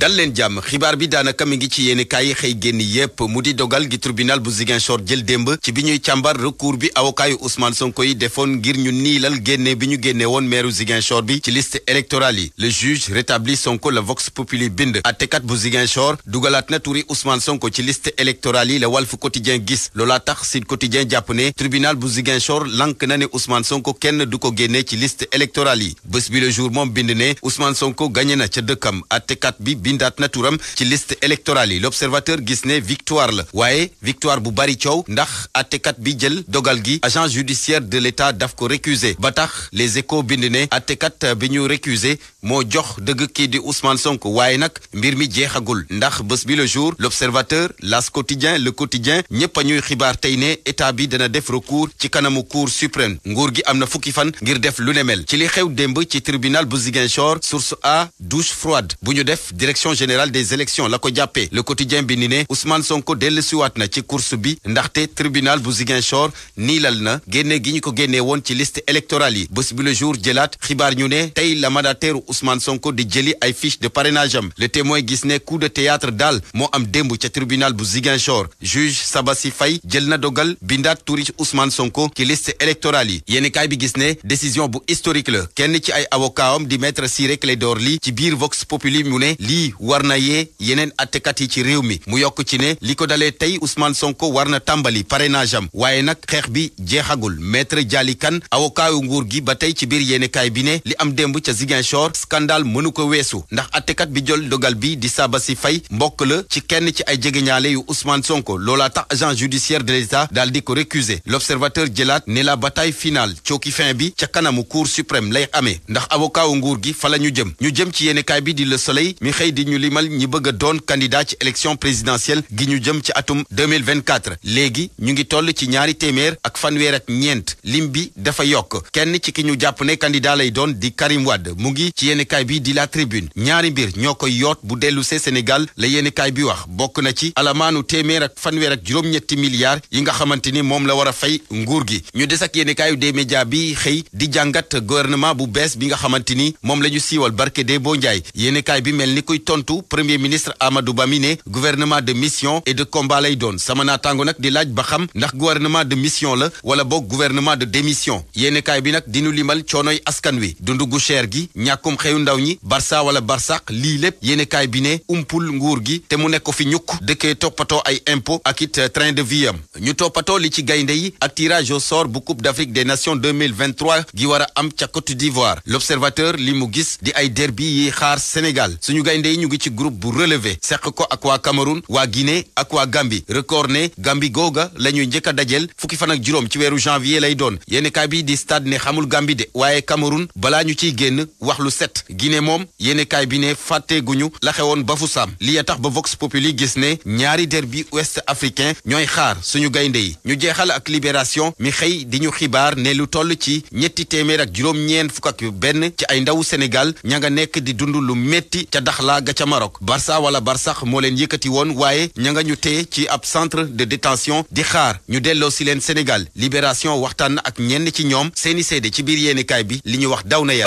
dal leen jàmm xibaar bi daanaka mi ngi ci yéeni kaay yi xëy génn yépp mu di dogal gi tribunal bu Ziguinchor jël démb ci bi ñuy càmbar recours bi avocat yu Ousmane Sonko yi defoon ngir ñu niilal génnee bi ñu génnee woon meeru Ziguinchor bi ci list électorale yi le juge rétablit Sonko la vox populi bind attekat bu Ziguinchor dugalaat na turi Ousmane Sonko ci list électorale yi la Walf Quotidien gis loolaa tax Sud Quotidien jàpp ne tribunal bu Ziguinchor lank na ne Ousmane Sonko kenn du ko génne ci liste électorale yi bés bi le jour moom bind ne Ousmane Sonko gagné na ca bindaat na turam ci liste électorale yi l'observateur gis ne victoire la waaye victoire bu bari coow ndax attekat bi jël dogal gi agent judiciaire de l'état daf ko récusé ba tax les échos bind ne attekat bi ñu récusé moo jox dëgg kii di Ousmane Sonko waaye nag mbir mi jeexagul ndax bës bi le jour l'observateur las quotidien le quotidien ñépp a ñuy xibaar tey ne état bi dana def recours ci kanamu cour suprême nguur gi am na fukki fan ngir def lu ne mel ci li xew démb ci tribunal bu Ziguinchor source a douche froide bu ñu def direction générale des élections la ko jàppee le quotidien bi ni ne Ousmane Sonko dellusiwaat na ci course bi ndaxte tribunal bu Ziguinchor niilal na génne gi ñu ko génnee woon ci liste électorale yi bés bi le jour jëlaat xibaar ñu tey la mandataire Ousmane Sonko di jëli ay fiche de parrainage am le témoin gis ne coup de théâtre daal moo am démb ca tribunal bu Ziguinchor juge Sabassi Faye jël na dogal bindaat turi Ousmane Sonko ci liste électorale yi yéeni bi gis ne décision bu historique la kenn ci ay avocat am di maître Ciré Clédor Ly ci biir Vox Populi mu ne lii war na yee yeneen attekat yi ci réew mi mu yokk ci ne li ko dalee tey Ousmane Sonko war na tàmbali parrainage waaye nag xeex bi jeexagul maître Dialy Kane avocat nguur gi ba tey ci biir yéeni bi ne li am demb ca Ziguinchor scandale mënu ko weesu ndax attekat bi jol dogal bi di si Faye mbokk la ci kenn ci ay jegeñaale yu Ousmane Sonko loola tax agent judiciaire de l'État dal di ko récuser l'observateur jëlaat ne la bataille finale cooki fin bi ca kanamu cour suprême lay amee ndax avocat wu nguur gi fa la ñu jëm ñu jëm ci yéenekaay bi di la Soleil mi xëy di ñu limal ñi bëgg a doon candidat ci élection présidentielle gi ñu jëm ci atum 2024 léegi ñu ngi toll ci ñaari téeméer ak fanweer ak ñeent lim bi dafa yokk kenn ci ki ñu jàpp ne candidat lay doon di Karim mu ngi yéenekaay bi di la tribune ñaari mbir ñoo koy yoot bu dellu see Sénégal la yéenekaay bi wax bokk na ci alamaanu téeméer ak fanweer ak juróom-ñetti milliards yi nga xamante ni moom la war a fay nguur gi ñu des ak yéenekaayu des médias bi xëy di jàngat gouvernement bu bees bi nga xamante ni moom la ñu siiwal barke de boo njaay yéenekaay bi mel ni kuy tontu premier ministre Amadou Ba mi ne gouvernement de mission et de combat doon sama naataango nag di laaj ba xam ndax gouvernement de mission la wala boog gouvernement de démission yéenekaay bi nag dinu limal coonoy askan wi xew ndaw ñi barça wala barsaq lii lépp yéene kaay bi ne umpul nguur gi te mu nekk ko fi ñukk dëkkee toppatoo ay impôt ak it euh, train de vie am ñu toppatoo li ci gaynde yi ak tirage au sort bu coupe d'Afrique des nations 2023 gi war a am ca Côte d'Ivoire l'observateur li mu gis di ay derbi yi xaar Sénégal suñu gaynde yi ñu ngi ci groupe bu relevé seq ko ak waa Cameroun waa Guinée ak waa gambi record ne Gambie googa la ñuy njëkk a dajeel fukki fan ak juróom ci weeru janvier lay doon yéene kaay bi xamul Gambie de waaye Cameroun set moom yéenekaay bi ne fàtteeguñu laxewoon xewoon Bafoussam li ya tax ba Vox li gis ne ñaari derbi ouest africain ñooy xaar suñu gaynde yi ñu jeexal ak libération mi xëy di ñu xibaar ne lu toll ci ñetti téeméer ak juróom-ñeent fukk ak benn ci ay ndawu Sénégal ña nga nekk di dund lu metti ca Daxla ga ca Maroc Barça wala Barsax moo leen yëkkati woon waaye ña nga ñu tee ci ab centre de détention di xaar ñu delloo si leen Sénégal libération waxtaan ak ñenn ci ñoom seeni seede ci biir yéenekaay bi li ñu wax daw na ya